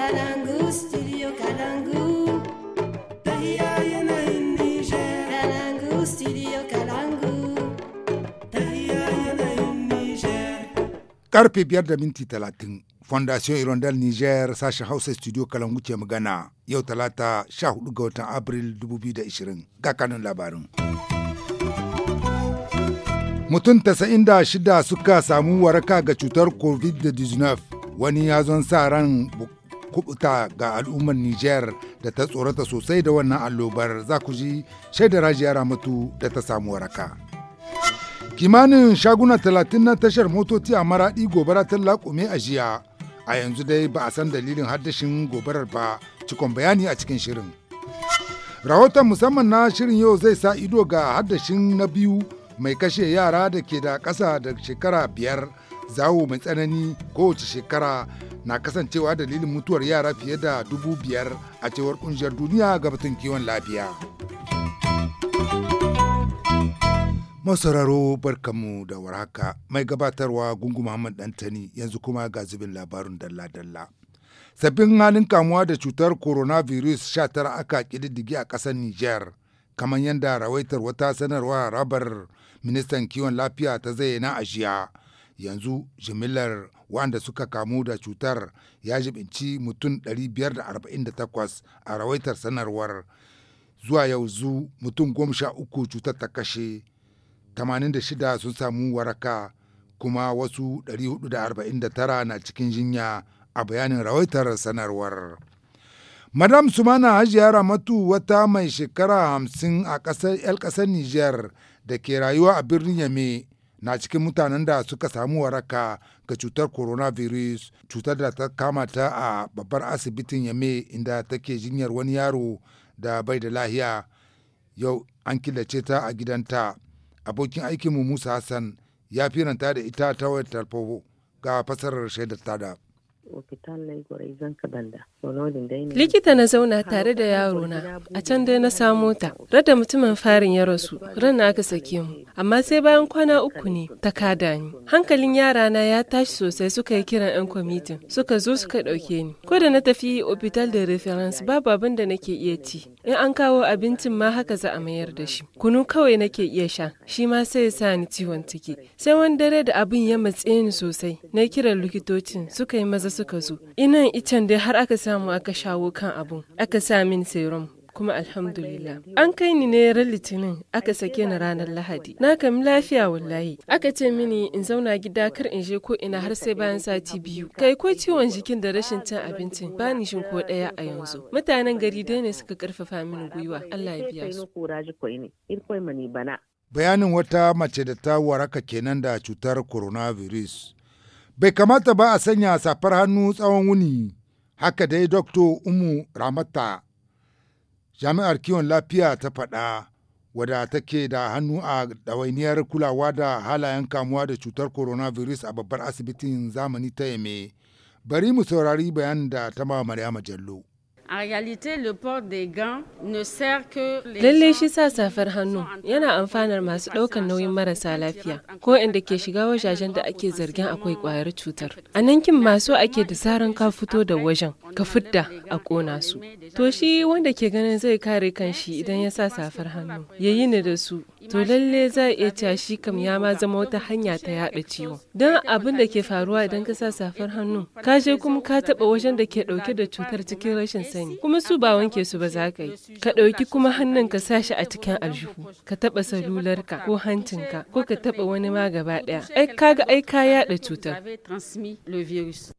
Kalangu, studio yanayin Niger. studio yanayin Niger. Karfe biyar da minti talatin. Fondation irondal Niger sashen Hausa Studio Kalangu ce magana yau talata sha hudu ga watan Abril 2020 ga kanun labarin. Mutum 96 suka samu waraka ga cutar COVID-19 wani ya zon sa ran kubuta ga al'ummar Nijar da ta tsorata sosai da wannan allobar za ku ji shaidar rajiyar mutu da ta samu waraka. Kimanin shaguna talatin na tashar motoci a maraɗi gobara ta laƙume a jiya. A yanzu dai ba a san dalilin haddashin gobarar ba, cikon bayani a cikin shirin. Rahoton musamman na shirin yau zai sa ido ga haddashin na biyu mai kashe yara da ke da ƙasa da shekara biyar zawo mai tsanani kowace shekara na kasancewa dalilin mutuwar yara fiye da dubu biyar a cewar kungiyar duniya ga batun kiwon lafiya. Masararo barkamu da warhaka mai gabatarwa gungu Muhammad Dantani yanzu kuma ga zubin labarin dalla-dalla. Sabbin halin kamuwa da cutar coronavirus 19 aka ƙididdige a ƙasar Nijar, kamar yadda rawaitar wata sanarwa rabar ministan kiwon lafiya ta zayyana a jiya. yanzu jimillar wanda suka kamu da cutar ya jibinci mutum 548 a rawaitar sanarwar zuwa yauzu, mutum goma sha uku cutar ta kashe 86 sun samu waraka kuma wasu 449 na cikin jinya a bayanin rawaitar sanarwar. Madam Sumana Hajiya Ramatu wata mai shekara hamsin a ƙasar 'yan ƙasar Nijar da ke rayuwa a birnin Yame na cikin mutanen da suka samu waraka ga cutar coronavirus cutar da ta kamata a babbar asibitin yame inda take jinyar wani yaro da bai da lahiya yau an killace ta a gidanta abokin aikinmu musa hassan ya firanta da ita ta wayar tarfo ga fasarar shaidar tada. Likita na zauna tare da yaro na a can dai na samo ta. Rada mutumin farin ya rasu, ran aka sake mu. Amma sai bayan kwana uku ne ta kada ni. Hankalin yara na ya tashi sosai suka yi kiran 'yan kwamitin, suka zo suka ɗauke ni. Ko da na tafi hospital da reference babu abin da nake iya ci. In an kawo abincin ma haka za a mayar da shi. Kunu kawai nake iya sha, shi ma sai ya sa ni ciwon ciki. Sai wani dare da abin ya matse ni sosai, na kiran likitocin suka yi maza suka zo inan icen dai har aka samu aka shawo kan abun aka sa min serum kuma alhamdulillah an kai ni ne ran litinin aka sake ni ranar lahadi na kam lafiya wallahi aka ce mini in zauna gida kar in je ko ina har sai bayan sati biyu kai ko ciwon jikin da rashin cin abincin ba ni shin ko daya a yanzu mutanen gari dai ne suka karfafa mini gwiwa Allah ya biya su bayanin wata mace da ta waraka kenan da cutar coronavirus Bai kamata ba a sanya safar hannu tsawon wuni, haka dai Dokto Umu Ramata, jami'ar kiwon lafiya ta faɗa wada take da hannu a ɗawainiyar kulawa da halayen kamuwa da cutar coronavirus a babbar asibitin zamani ta Yame. Bari mu saurari bayan da ta ma Maryama Jallo. le port Lalle shi sa safar hannu yana amfanar masu ɗaukar nauyin marasa lafiya ko inda ke shiga wajajen da ake zargin akwai kwayar cutar. A nan kin masu ake da zaran ka fito da wajen ka fidda a ƙona su. To shi wanda ke ganin zai kare kanshi idan ya sa safar hannu ya yi ni da su. To lalle za a iya cewa shi kam ya ma zama wata hanya ta yaɗa ciwo. Don abin da ke faruwa idan ka sa safar hannu ka je kuma ka taɓa wajen da ke ɗauke da cutar cikin rashin sani. sani kuma su ba wanke su ba za ka yi ka ɗauki kuma hannun ka shi a cikin aljihu ka taɓa salular ka ko hancin ka ko ka taɓa wani ma gaba ɗaya ai kaga ai ka yaɗa cutar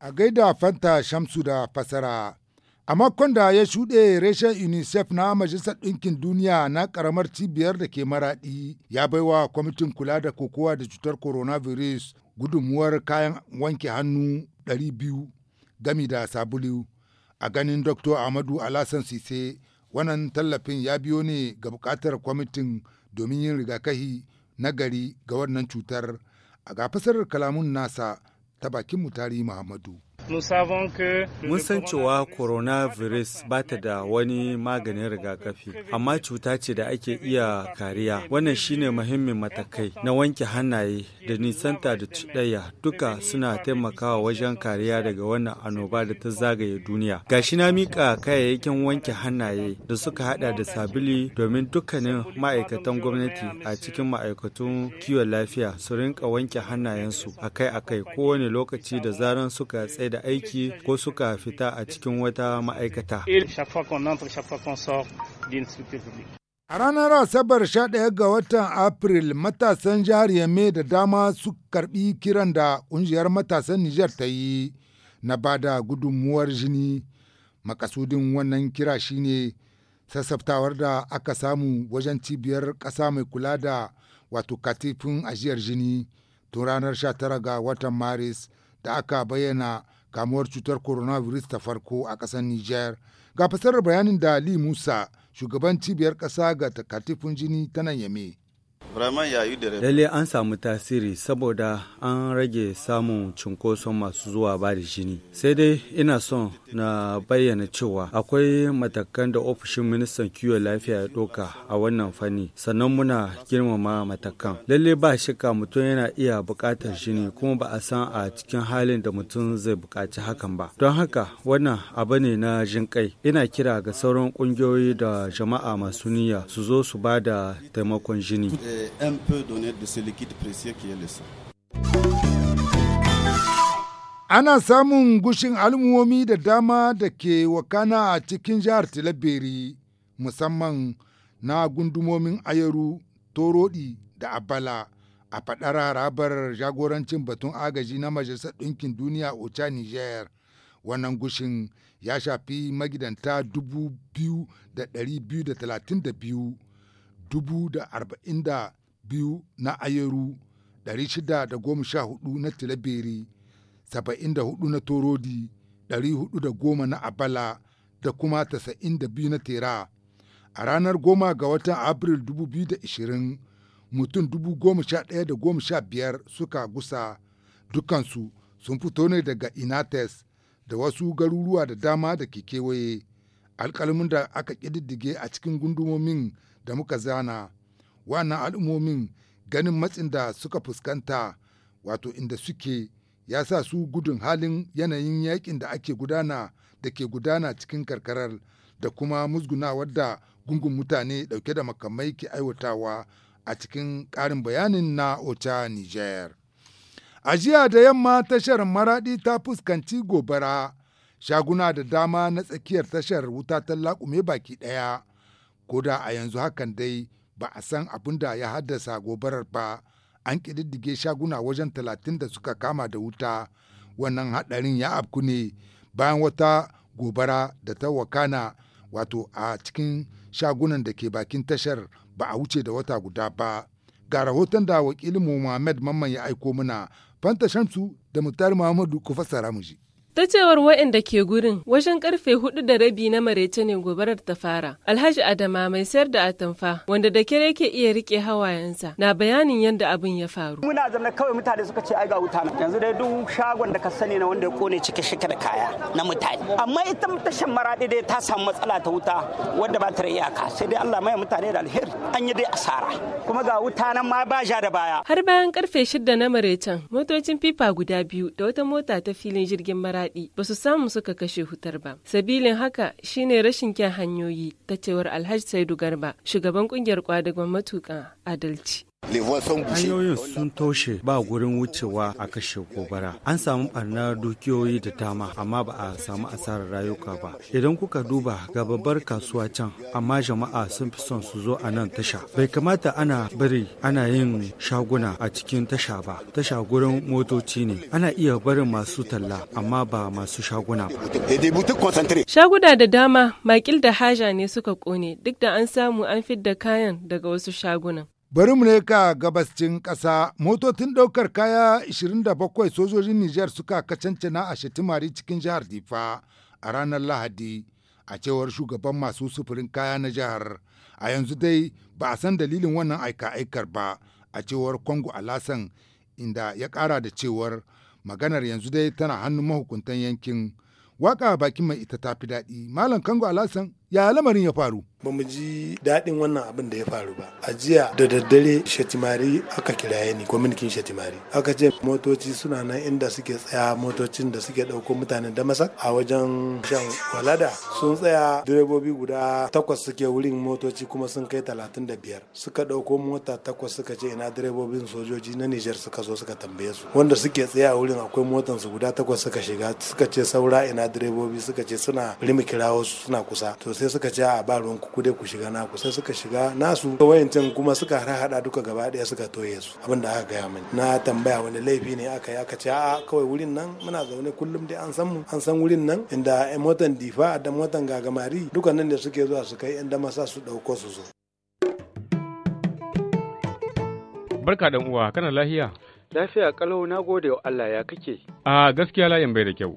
a gaida fanta shamsu da fasara A makon da ya shuɗe reshen UNICEF na Majalisar Ɗinkin Duniya na ƙaramar cibiyar da ke maraɗi ya baiwa kwamitin kula da kokowa da cutar coronavirus gudunmuwar kayan wanke hannu 200 gami da sabulu. a ganin dr amadu alasan sise wannan tallafin ya biyo ne ga bukatar kwamitin domin yin rigakahi na gari ga wannan cutar a ga fasarar kalamun nasa ta bakin mutari muhammadu Mun san cewa coronavirus ba ta da wani maganin rigakafi, amma cuta ce da ake iya kariya. Wannan shine muhimmin matakai na wanke hannaye da nisanta da cuɗaya duka suna taimakawa wajen kariya daga wannan annoba da ta zagaye duniya. Gashi na mika kayayyakin wanke hannaye da suka hada da sabili domin dukkanin ma'aikatan gwamnati a cikin ma'aikatun kiwon lafiya su rinka wanke hannayensu akai-akai kowane lokaci da zaran suka tsaye da aiki ko suka fita a cikin wata ma'aikata. A ranar Asabar 11 ga watan Afril matasan jihar Yame da dama su karbi kiran da ƙungiyar matasan Nijar ta yi na bada gudunmuwar jini. Makasudin wannan kira shine sassaftawar da aka samu wajen cibiyar ƙasa mai kula da wato katifin ajiyar jini tun ranar 19 ga watan Maris da aka bayyana kamuwar cutar coronavirus ta farko a ƙasar Nijar. Ga fasarar bayanin da Ali Musa, shugaban cibiyar ƙasa ga takatifin jini ta nan Yame. Lalle an samu tasiri saboda an rage samun cinkoson masu zuwa ba da jini. Sai dai ina son na bayyana cewa akwai matakan da ofishin ministan kiwon lafiya ya ɗauka a wannan fanni sannan muna girmama matakan. lallai ba ka mutum yana iya buƙatar jini kuma ba a san a cikin halin da mutum zai bukaci hakan ba. Don haka wannan abu ne na jin kai Ina kira ga sauran ƙungiyoyi da jama'a masu niyya su zo su ba da taimakon jini. Eh, et un peu donner de ce liquide précieux qui est le sang. Ana samun gushin al'ummomi da dama da ke wakana a cikin jihar Tilaberi, musamman na gundumomin Ayaru, Torodi da Abala, a fadar harabar jagorancin batun agaji na Majalisar Ɗinkin Duniya Ocha Niger. Wannan gushin ya shafi magidanta biyu. biyu na ayeru 614 na tilaberi 74 na torodi 410 na abala da kuma 92 na tera a ranar goma ga watan abril 2020 mutum biyar suka gusa dukansu sun fito ne daga inates da wasu garuruwa da dama da ke kewaye alkalmin da aka ƙididdige a cikin gundumomin da muka zana wannan al'ummomin ganin matsin da suka fuskanta wato inda suke ya sa su gudun halin yanayin yakin da ake gudana da ke gudana cikin karkarar da kuma musgunawar da gungun mutane dauke da makamai ke aiwatawa a cikin karin bayanin na ocha niger a jiya da yamma tashar maradi ta fuskanci gobara shaguna da dama na tsakiyar tashar wuta ta laƙume baki ɗaya ko da a yanzu hakan dai ba a san abin da ya haddasa gobarar ba an ƙididdige shaguna wajen talatin da suka kama da wuta wannan haɗarin ya afku ne bayan wata gobara da ta wakana wato a cikin shagunan da ke bakin tashar ba a wuce da wata guda ba ga rahoton da wakilinmu Muhammad Mamman ya aiko mana fanta shamsu da mutari Muhammadu ku fassara mu Ta cewar wa'inda ke gurin wajen karfe hudu da rabi na marece ne gobarar ta fara. Alhaji Adama mai sayar da atamfa wanda da kere yake iya rike hawayensa na bayanin yadda abin ya faru. Muna zama kawai mutane suka ce ai ga wuta yanzu dai duk shagon da ka sani na wanda ya kone cike shike da kaya na mutane. Amma ita tashin maraɗi dai ta samu matsala ta wuta wadda ba ta da iyaka sai dai Allah mai mutane da alheri an yi dai asara kuma ga wuta nan ma ba sha da baya. Har bayan karfe shida na marecen motocin fifa guda biyu da wata mota ta filin jirgin maraɗi. faɗi ba su samu suka kashe hutar ba. Sabilin haka shine rashin kyan hanyoyi ta cewar Alhaji Saidu Garba, shugaban kungiyar kwadagon matuka adalci. hanyoyin sun toshe ba gurin wucewa a kashe gobara an samu barnar dukiyoyi da dama amma ba a samu asarar rayuka ba idan kuka duba ga babbar kasuwa can amma jama'a sun fi son su zo a nan tasha bai kamata ana bari ana yin shaguna a cikin tasha ba tasha gurin motoci ne ana iya barin masu talla amma ba masu shaguna ba shaguna da dama makil da haja ne suka kone duk da an samu an fidda kayan daga wasu shagunan Bari mu ne ka gabascin ƙasa, motocin ɗaukar kaya 27 sojojin Nijar suka na a Shatimari cikin jihar Difa a ranar Lahadi, a cewar shugaban masu sufurin kaya na jihar. A yanzu dai ba a san dalilin wannan aika-aikar ba, a cewar Kongo Alasan inda ya ƙara da cewar maganar yanzu dai tana hannun mahukuntan yankin. Waka bakin mai ita ta fi daɗi. Malam Kongo Alasan ya lamarin ya faru ba mu ji daɗin wannan abin da ya faru ba a jiya da daddare shatimari aka kiraye ni gwamnatin shatimari aka ce motoci suna nan inda suke tsaya motocin da suke ɗauko mutanen damasak a wajen shan walada sun tsaya direbobi guda takwas suke wurin motoci kuma sun kai talatin da biyar suka ɗauko mota takwas suka ce ina direbobin sojoji na nijar suka zo suka tambaye su wanda suke tsaya a wurin akwai motan su guda takwas suka shiga suka ce saura ina direbobi suka ce suna rimi kirawo suna kusa to sai suka ce a ba ruwan ku dai ku shiga naku sai suka shiga nasu wayancin kuma suka hada duka gaba daya suka toye su abin da aka gaya mani na tambaya wani laifi ne aka yi aka ce a kawai wurin nan muna zaune kullum dai an san mu an san wurin nan inda motan difa da motan gagamari nan da suke zuwa su kai inda masa su dauko su zo barka dan uwa kana lafiya lafiya kalau na gode wa Allah ya kake a gaskiya layin bai da kyau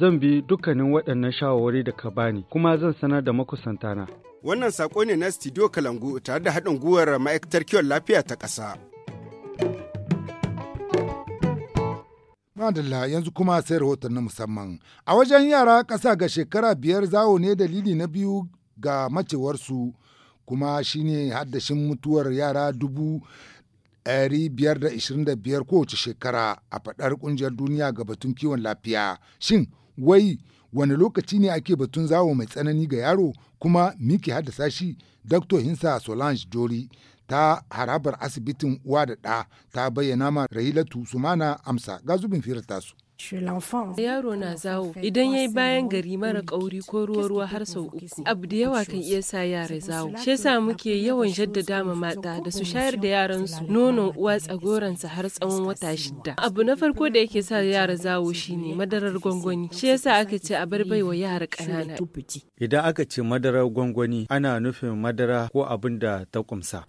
zan bi dukkanin waɗannan shawarwari da ka bani kuma zan sanar da makusantana. Wannan saƙo ne na Studio Kalangu tare da haɗin gwiwar ma'aikatar kiwon lafiya ta ƙasa. Madalla yanzu kuma sai rahoton na musamman. A wajen yara ƙasa ga shekara biyar zawo ne dalili na biyu ga macewarsu kuma shine haddashin mutuwar yara dubu biyar da da ishirin biyar kowace shekara a faɗar ƙungiyar duniya ga batun kiwon lafiya. Shin wai wani lokaci ne ake batun zawo mai tsanani ga yaro kuma miki haddasa shi dr hinsa solange jori ta harabar asibitin uwa da ɗa ta bayyana ma rahilatu sumana amsa ga zubin firar tasu Yaro na zawo idan ya yi bayan gari mara kauri ko ruwa-ruwa har sau uku. Abu da yawa kan iya sa yara zawo. Shi yasa muke yawan jaddada ma mata da su shayar da yaransu nonon uwa tsagoransa har tsawon wata shida. Abu na farko da yake sa yara zawo shine madarar gwangwani. Shi yasa aka ce a bar baiwa yara ƙanana. Idan aka ce madarar gwangwani ana nufin madara ko abin da ta kumsa.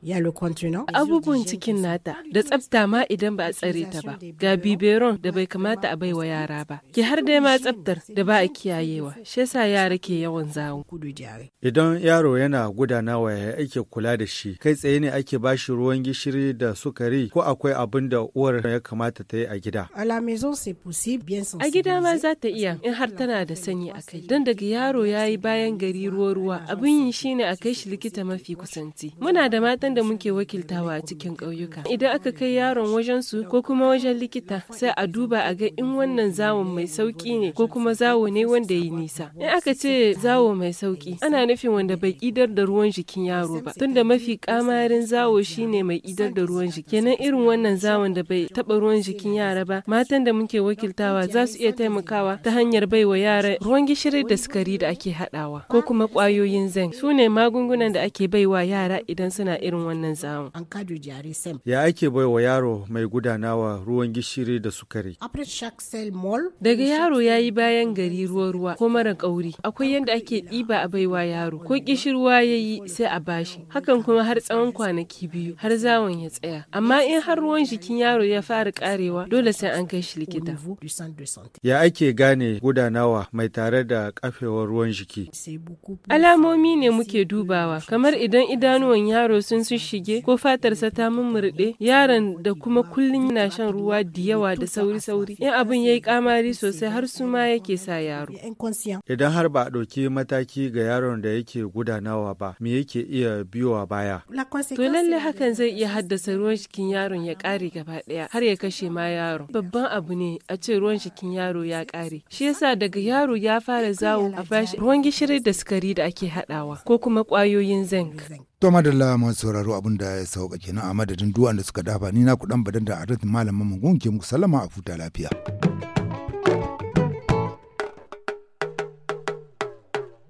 Abubuwan cikin nata da tsafta ma idan ba a tsare ta ba. Ga biberon da bai kamata a baiwa wa yara ba ki har dai ma tsaftar da ba a kiyayewa shi yasa yara ke yawan zawon kudu jare idan yaro yana gudana wa ya ake kula da shi kai tsaye ne ake bashi ruwan gishiri da sukari ko akwai abin da uwar ya kamata ta yi a gida a gida ma za ta iya in har tana da sanyi a kai don daga yaro ya yi bayan gari ruwa ruwa abin yi shine a kai shi likita mafi kusanci muna da matan da muke wakiltawa a cikin ƙauyuka idan aka kai yaron wajen su ko kuma wajen likita sai a duba a ga in wani wannan zawo mai sauki ne ko kuma zawo ne wanda ya yi nisa in aka ce zawo mai sauki ana nufin wanda bai idar da ruwan jikin yaro ba tunda mafi kamarin zawo shine mai idar da ruwan jiki kenan irin wannan zawon da bai taba ruwan jikin yara ba matan da muke wakiltawa za su iya taimakawa ta hanyar baiwa yara ruwan gishiri da sukari da ake haɗawa. ko kuma kwayoyin zinc su ne magungunan da ake baiwa yara idan suna irin wannan zawon ya ake baiwa yaro mai gudanawa ruwan gishiri da sukari Daga yaro ya yi bayan gari ruwa-ruwa ko mara kauri. Akwai yadda ake ɗiba a baiwa yaro. Ko kishirwa ya yi sai a bashi. Hakan kuma har tsawon kwanaki biyu har zawon ya tsaya. Amma in har ruwan jikin yaro ya fara karewa dole sai an kai shi likita. Ya ake gane gudanawa mai tare da kafewar ruwan jiki. Alamomi ne muke dubawa kamar idan idanuwan yaro sun su shige ko fatarsa ta mummurɗe yaron da kuma kullum yana shan ruwa da yawa da sauri-sauri. In abin yi kamari sosai har suma yake sa yaro. Idan har ba a ɗauki mataki ga yaron da yake gudanawa ba, me yake iya biyowa baya? To lalle hakan zai iya haddasa ruwan shikin yaron ya ƙare gaba ɗaya har ya kashe ma yaro. Babban abu ne a ce ruwan shikin yaro ya ƙare. Shi yasa daga yaro ya fara zawo a bashi ruwan gishiri da sukari da ake haɗawa ko kuma ƙwayoyin zinc. To madalla masu sauraro abin da ya sauka kenan a madadin duwan da suka dafa ni na kudan badan da arit malamin mun gunke muku sallama a futa lafiya.